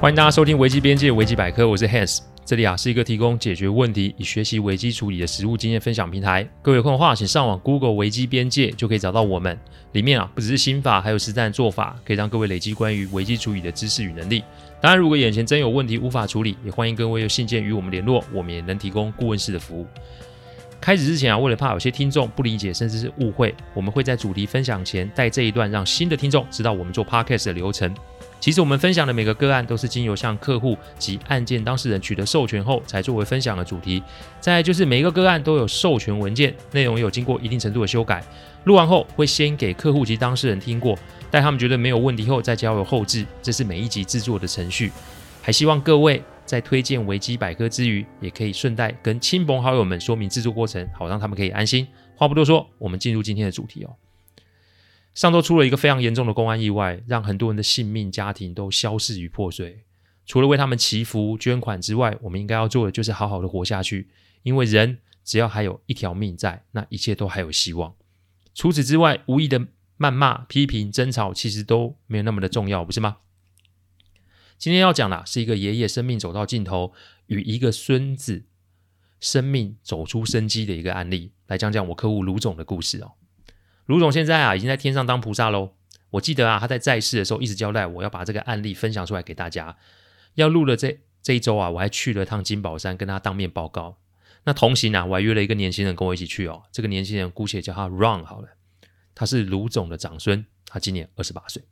歡迎大家收聽危機邊界危機百科，我是 Hans，這裡啊是一個提供解決問題以學習危機處理的實務經驗分享平台。各位有空的話，請上網 Google 危機邊界就可以找到我們。裡面啊不只是心法，還有實戰做法，可以讓各位累積關於危機處理的知識與能力。當然，如果眼前真有問題無法處理，也歡迎各位用信件與我們聯絡，我們也能提供顧問式的服務。開始之前啊，為了怕有些聽眾不理解甚至是誤會，我們會在主題分享前帶這一段，讓新的聽眾知道我們做 Podcast 的流程。其實我們分享的每個個案都是經由向客戶及案件當事人取得授權後才作為分享的主題。再來就是每一個個案都有授權文件，內容也有經過一定程度的修改。錄完後會先給客戶及當事人聽過，待他們覺得沒有問題後再交由後制。這是每一集制作的程序。還希望各位在推薦危機百科之餘，也可以順帶跟親朋好友們說明制作過程，好讓他們可以安心。話不多說，我們進入今天的主題哦。上週出了一個非常嚴重的公安意外，讓很多人的性命、家庭都消逝與破碎。除了為他們祈福、捐款之外，我們應該要做的就是好好的活下去，因為人只要還有一條命在，那一切都還有希望。除此之外，無意的謾罵、批評、爭吵，其實都沒有那麼的重要，不是嗎？今天要講的是一個爺爺生命走到盡頭，與一個孫子生命走出生機的一個案例，來講講我客戶盧總的故事哦。盧總現在啊，已經在天上當菩薩嘍。我記得啊，他在在世的時候一直交代我要把這個案例分享出來給大家。要錄了這這一周啊，我還去了一趟金寶山，跟他當面報告。那同行啊，我還約了一個年輕人跟我一起去哦。這個年輕人姑且叫他 Ron 好了，他是盧總的長孫，他今年二十八歲。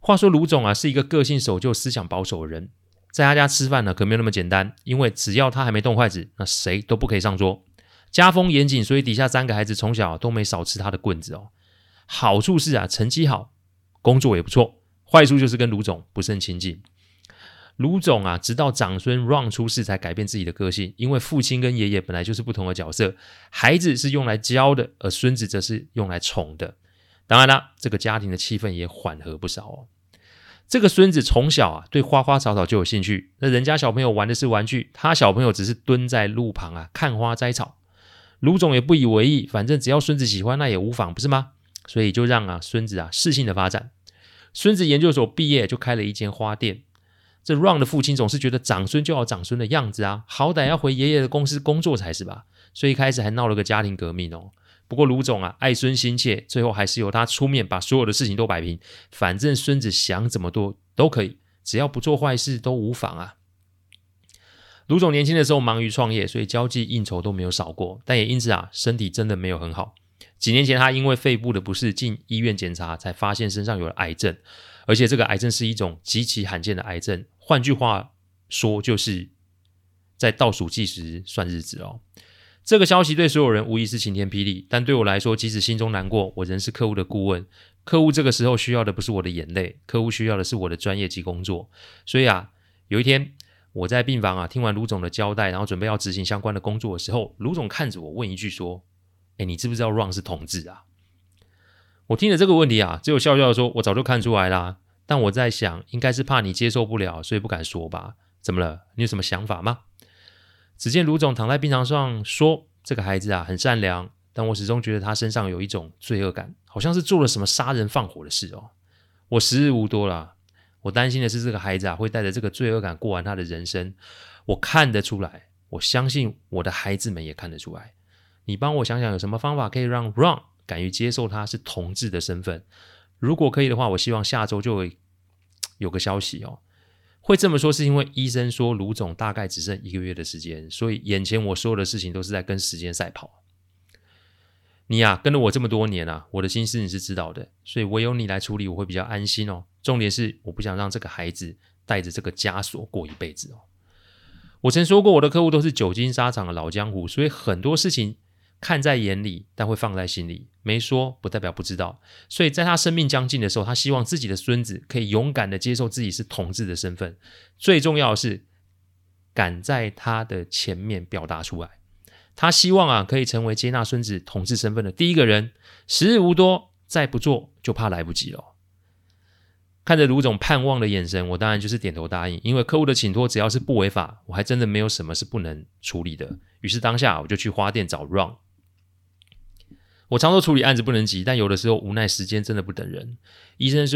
話說盧總啊，是一個個性守舊、思想保守的人，在他家吃飯呢、啊，可沒有那麼簡單。因為只要他還沒動筷子，那誰都不可以上桌。家風嚴謹，所以底下三個孩子從小、啊、都沒少吃他的棍子哦。好處是啊，成績好，工作也不錯。壞處就是跟盧總不甚親近。盧總啊，直到長孫 Run 出世才改變自己的個性。因為父親跟爺爺本來就是不同的角色，孩子是用來教的，而孫子則是用來寵的。當然啦、啊，這個家庭的氣氛也緩和不少哦。這個孫子從小啊，對花花草草就有興趣。那人家小朋友玩的是玩具，他小朋友只是蹲在路旁啊，看花摘草。盧總也不以為意，反正只要孫子喜歡，那也無妨，不是嗎？所以就讓啊孫子啊適性的發展，孫子研究所畢業就開了一間花店。這 Ron 的父親總是覺得長孫就要長孫的樣子啊，好歹要回爺爺的公司工作才是吧？所以一開始還鬧了個家庭革命哦。不過盧總啊愛孫心切，最後還是由他出面把所有的事情都擺平。反正孫子想怎麼做都可以，只要不做壞事都無妨啊。盧總年輕的時候忙於創業，所以交際應酬都沒有少過，但也因此啊身體真的沒有很好。幾年前，他因為肺部的不適進醫院檢查，才發現身上有了癌症，而且這個癌症是一種極其罕見的癌症。換句話說，就是在倒數計時算日子哦。這個消息對所有人無疑是晴天霹靂，但對我來說，即使心中難過，我仍是客戶的顧問。客戶這個時候需要的不是我的眼淚，客戶需要的是我的專業及工作。所以啊，有一天我在病房啊，聽完盧總的交代，然後準備要執行相關的工作的時候，盧總看着我問一句說。哎，你知不知道 Ron 是同志啊？我聽了這個問題啊，只有笑笑地說：“我早就看出來啦。”但我在想，應該是怕你接受不了，所以不敢說吧？怎麼了？你有什麼想法嗎？只見盧總躺在病床上說：“這個孩子啊，很善良，但我始終覺得他身上有一種罪惡感，好像是做了什麼殺人放火的事哦。我時日無多了，我擔心的是這個孩子啊，會帶着這個罪惡感過完他的人生。我看得出來，我相信我的孩子們也看得出來。”你幫我想想，有什麼方法可以讓 Ron 敢於接受他是同志的身份？如果可以的話，我希望下周就會有，有個消息哦。會這麼說，是因為醫生說盧總大概只剩一個月的時間，所以眼前我所有的事情都是在跟時間賽跑。你呀、啊，跟了我這麼多年啊，我的心思你是知道的，所以唯有你來處理，我會比較安心哦。重點是，我不想讓這個孩子帶着這個枷鎖過一輩子哦。我曾說過，我的客戶都是久經沙場的老江湖，所以很多事情。看在眼裡，但會放在心裡。沒說不代表不知道，所以在他生命將近的時候，他希望自己的孫子可以勇敢的接受自己是同志的身份。最重要的是，敢在他的前面表達出來。他希望啊，可以成為接納孫子同志身份的第一個人。時日無多，再不做就怕來不及了。看着盧總盼望的眼神，我當然就是點頭答應。因為客戶的請托，只要是不違法，我還真的沒有什麼是不能處理的。於是當下，我就去花店找 Run。我常說處理案子不能急，但有的時候無奈時間真的不等人。醫生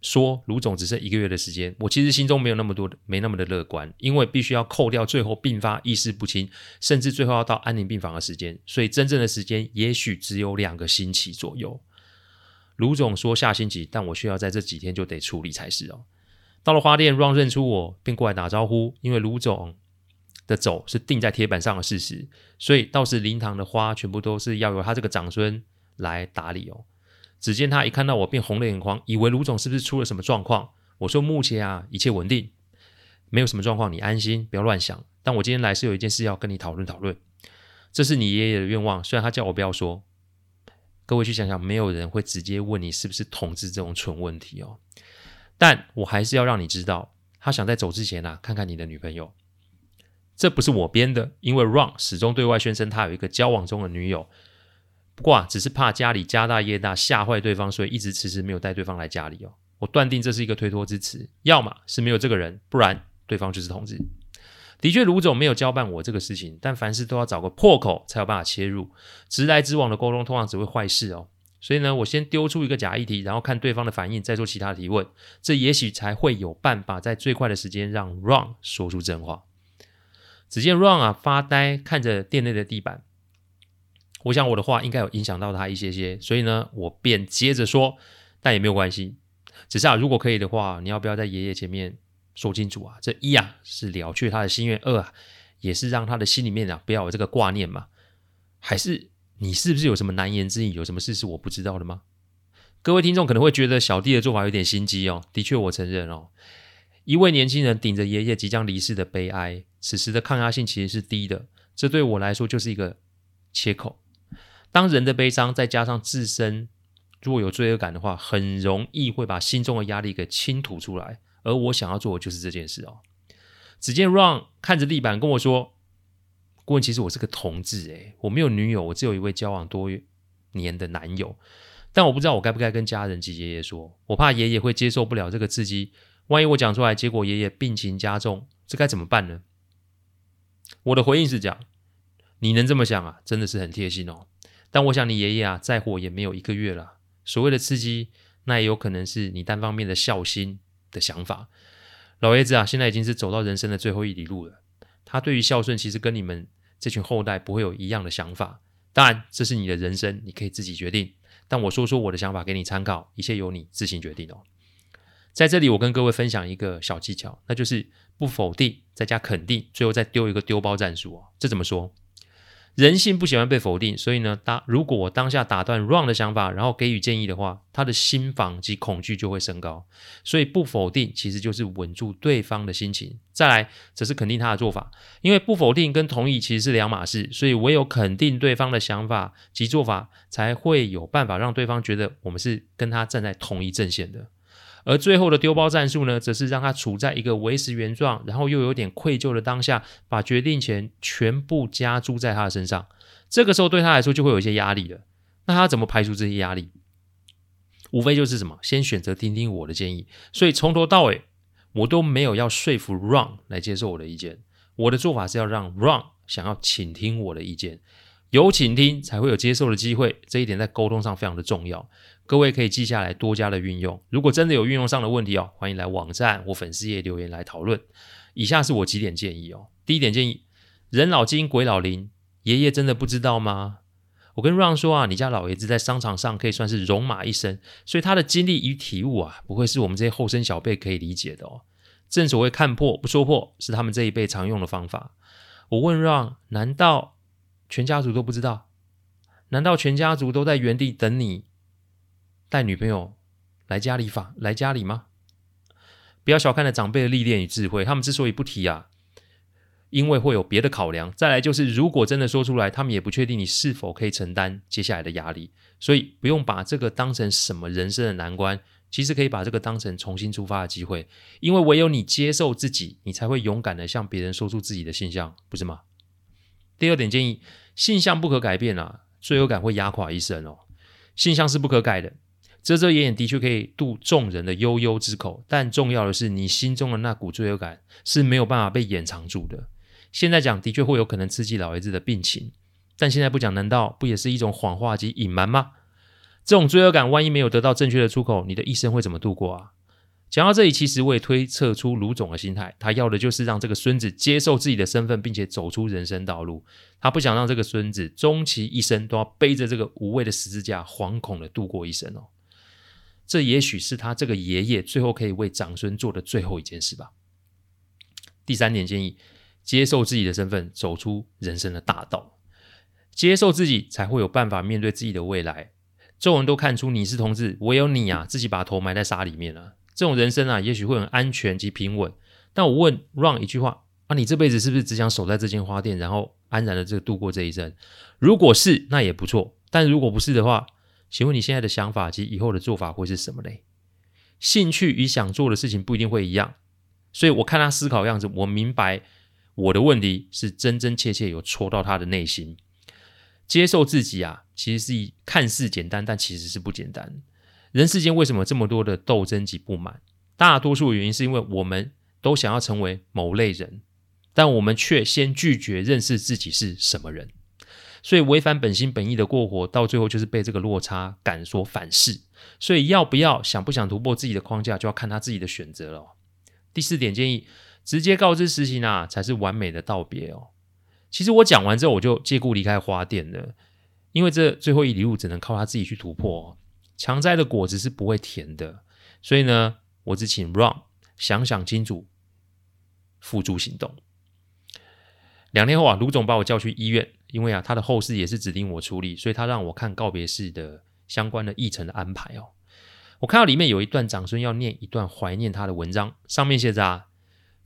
說盧總只剩一個月的時間，我其實心中沒有那麼多，沒那麼的樂觀，因為必須要扣掉最後併發意識不清，甚至最後要到安寧病房的時間，所以真正的時間也許只有兩個星期左右。盧總說下星期，但我需要在這幾天就得處理才是哦。到了花店，Ron 認出我，便過來打招呼，因為盧總。的走是釘在鐵板上的事實，所以到時靈堂的花全部都是要由他這個長孫來打理哦。只見他一看到我便紅了眼眶，以為盧總是不是出了什麼狀況？我說目前啊一切穩定，沒有什麼狀況，你安心，不要亂想。但我今天來是有一件事要跟你討論討論，這是你爺爺的願望，雖然他叫我不要說。各位去想想，沒有人會直接問你是不是同志這種蠢問題哦。但我還是要讓你知道，他想在走之前啊看看你的女朋友。這不是我編的，因為 Ron 始終對外宣稱他有一個交往中的女友，不過啊，只是怕家裡家大業大嚇壞對方，所以一直遲遲沒有帶對方來家裡哦。我斷定這是一個推脫之詞，要麼是沒有這個人，不然對方就是同志。的確，盧總沒有交辦我這個事情，但凡事都要找個破口才有辦法切入，直來直往的溝通通常只會壞事哦。所以呢，我先丟出一個假議題，然後看對方的反應，再做其他的提問，這也許才會有辦法在最快的時間讓 Ron 說出真話。只見 Run 啊發呆看着店內的地板，我想我的話應該有影響到他一些些，所以呢，我便接着說，但也沒有關係。只是啊，如果可以的話，你要不要在爺爺前面說清楚啊？這一啊是了卻他的心願，二啊也是讓他的心裡面啊不要有這個掛念嘛？還是你是不是有什麼難言之隱？有什麼事是我不知道的嗎？各位聽眾可能會覺得小弟的做法有點心機哦，的確我承認哦。一位年輕人頂着爺爺即將離世的悲哀，此時的抗壓性其實是低的。這對我來說就是一個切口。當人的悲傷再加上自身如果有罪惡感的話，很容易會把心中的壓力給傾吐出來。而我想要做的就是這件事哦。只見 Run 看着地板跟我說：“顧問，其實我是個同志哎，我沒有女友，我只有一位交往多年的男友。但我不知道我該不該跟家人及爺爺說，我怕爺爺會接受不了這個刺激。”萬一我講出來，結果爺爺病情加重，這該怎麼辦呢？我的回應是講，你能這麼想啊，真的是很貼心哦。但我想你爺爺啊，再活也沒有一個月了。所謂的刺激，那也有可能是你單方面的孝心的想法。老爺子啊，現在已經是走到人生的最後一里路了。他對於孝順，其實跟你們這群後代不會有一樣的想法。當然，這是你的人生，你可以自己決定。但我說說我的想法給你參考，一切由你自行決定哦。在這裡，我跟各位分享一個小技巧，那就是不否定，再加肯定，最後再丟一個丟包戰術。這怎麼說？人性不喜歡被否定，所以呢，當如果我當下打斷 wrong 的想法，然後給予建議的話，他的心防及恐懼就會升高。所以不否定其實就是穩住對方的心情。再來，則是肯定他的做法，因為不否定跟同意其實是兩碼事，所以唯有肯定對方的想法及做法，才會有辦法讓對方覺得我們是跟他站在同一陣線的。而最後的丟包戰術呢，則是讓他處在一個維持原狀，然後又有點愧疚的當下，把決定權全部加注在他的身上。這個時候對他來說就會有一些壓力了。那他怎麼排除這些壓力？無非就是什麼，先選擇聽聽我的建議。所以從頭到尾，我都沒有要說服 Ron 來接受我的意見。我的做法是要讓 Ron 想要傾聽我的意見。有傾聽，才會有接受的機會，這一點在溝通上非常的重要。各位可以記下來，多加的運用。如果真的有運用上的問題哦，歡迎來網站或粉絲頁留言來討論。以下是我幾點建議哦。第一點建議：人老精，鬼老靈，爺爺真的不知道嗎？我跟 run 說啊，你家老爺子在商場上可以算是戎馬一生，所以他的經歷與體悟啊，不會是我們這些後生小輩可以理解的哦。正所謂看破不說破，是他們這一輩常用的方法。我問 run，難道全家族都不知道，難道全家族都在原地等你帶女朋友來家裡訪來家裡嗎？不要小看了長輩的歷練與智慧，他們之所以不提啊，因為會有別的考量。再來就是，如果真的說出來，他們也不確定你是否可以承擔接下來的壓力，所以不用把這個當成什麼人生的難關，其實可以把這個當成重新出發的機會，因為唯有你接受自己，你才會勇敢的向別人說出自己的現象，不是嗎？第二點建議，性向不可改變啊，罪惡感會壓垮一生哦。性向是不可改的，遮遮掩掩的確可以度眾人的悠悠之口，但重要的是你心中的那股罪惡感是沒有辦法被掩藏住的。現在講的確會有可能刺激老爺子的病情，但現在不講，難道不也是一種謊話及隱瞞嗎？這種罪惡感萬一沒有得到正確的出口，你的一生會怎麼度過啊？講到這裡，其實我也推測出盧總的心態，他要的就是讓這個孫子接受自己的身份，並且走出人生道路。他不想讓這個孫子終其一生都要背着這個無謂的十字架，惶恐地度過一生哦。這也許是他這個爺爺最後可以為長孫做的最後一件事吧。第三點建議：接受自己的身份，走出人生的大道。接受自己，才會有辦法面對自己的未來。眾人都看出你是同志，唯有你啊，自己把頭埋在沙裡面了、啊。這種人生啊，也許會很安全及平穩。但我問 Ron 一句話啊，你這輩子是不是只想守在這間花店，然後安然的這個度過這一生？如果是，那也不錯。但如果不是的話，請問你現在的想法及以後的做法會是什麼呢？興趣與想做的事情不一定會一樣，所以我看他思考的樣子，我明白我的問題是真真切切有戳到他的內心。接受自己啊，其實是一看似簡單，但其實是不簡單。人世間為什麼這麼多的鬥爭及不滿？大多數的原因是因為我們都想要成為某類人，但我們卻先拒絕認識自己是什麼人。所以違反本心本意的過活，到最後就是被這個落差感所反噬。所以要不要、想不想突破自己的框架，就要看他自己的選擇了哦。第四點建議，直接告知實情啊，才是完美的道別哦。其實我講完之後，我就借故離開花店了，因為這最後一里路只能靠他自己去突破哦。強摘的果子是不會甜的，所以呢，我只請 Ron 想想清楚，付諸行動。兩天後啊，盧總把我叫去醫院，因為啊，他的後事也是指定我處理，所以他讓我看告別式的相關的議程的安排哦。我看到裡面有一段長孫要念一段懷念他的文章，上面寫着啊，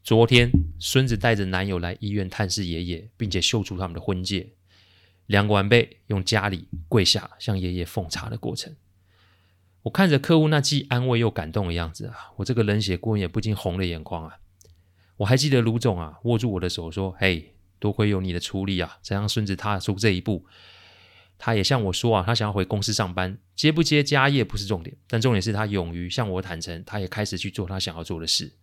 昨天孫子帶着男友來醫院探視爺爺，並且秀出他們的婚戒，兩個晚輩用家裡跪下向爺爺奉茶的過程。我看着客戶那既安慰又感動的樣子啊，我這個冷血孤魂也不禁紅了眼眶啊。我還記得盧總啊，握住我的手說：“嘿，多虧有你的出力啊，才讓孫子踏出這一步。”他也向我說啊，他想要回公司上班，接不接家業不是重點，但重點是他勇於向我坦誠，他也開始去做他想要做的事。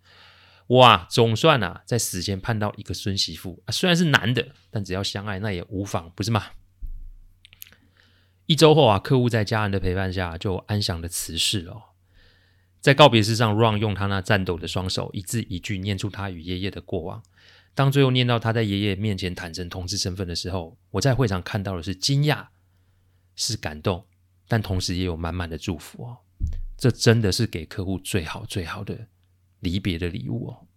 哇，總算啊，在死前盼到一個孫媳婦啊，雖然是男的，但只要相愛那也無妨，不是嗎？一週後啊，客戶在家人的陪伴下就安詳的辭世了哦。在告別式上，Ron 用他那顫抖的雙手，一字一句念出他與爺爺的過往。當最後念到他在爺爺面前坦誠同志身份的時候，我在會場看到的是驚訝，是感動，但同時也有滿滿的祝福哦。這真的是給客戶最好最好的離別的禮物哦。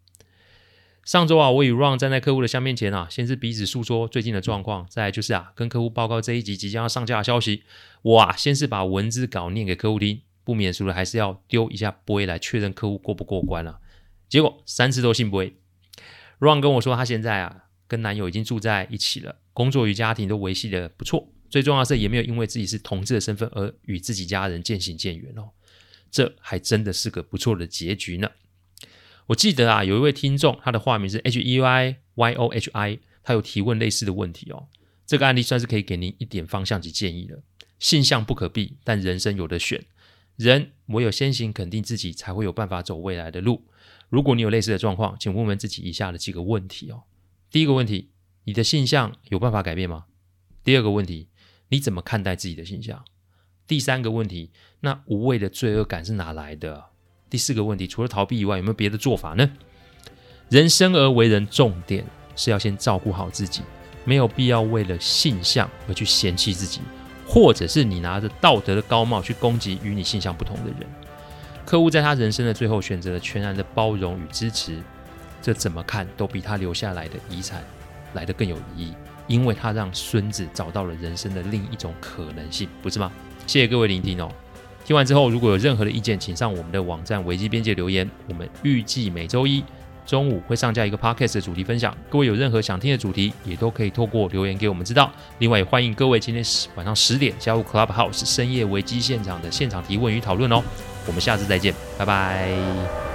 上週啊，我與 Ron 站在客戶的相面前啊，先是彼此訴說最近的狀況，再來就是啊，跟客戶報告這一集即將要上架的消息。我啊，先是把文字稿念給客戶聽，不免俗的還是要丟一下杯來確認客戶過不過關了、啊。結果三次都聖杯。Ron 跟我說，他現在啊，跟男友已經住在一起了，工作與家庭都維繫的不錯，最重要的是也沒有因為自己是同志的身份而與自己家人漸行漸遠哦。這還真的是個不錯的結局呢。我記得啊，有一位聽眾，他的化名是 H E Y Y O H I，他有提問類似的問題哦。這個案例算是可以給您一點方向及建議了。性向不可避，但人生有得選。人唯有先行肯定自己，才會有辦法走未來的路。如果你有類似的狀況，請問問自己以下的幾個問題哦。第一個問題，你的性向有辦法改變嗎？第二個問題，你怎麼看待自己的性向？第三個問題，那無謂的罪惡感是哪來的？第四個問題，除了逃避以外，有沒有別的做法呢？人生而為人，重點是要先照顧好自己，沒有必要為了性向而去嫌棄自己，或者是你拿着道德的高帽去攻擊與你性向不同的人。客戶在他人生的最後選擇了全然的包容與支持，這怎麼看都比他留下來的遺產來得更有意義，因為他讓孫子找到了人生的另一種可能性，不是嗎？謝謝各位聆聽哦。聽完之後，如果有任何的意見，請上我們的網站危機邊界留言。我們預計每周一中午會上架一個 podcast 的主題分享，各位有任何想聽的主題，也都可以透過留言給我們知道。另外，也歡迎各位今天十晚上十點加入 Clubhouse 深夜危機現場的現場提問與討論哦。我們下次再見，拜拜。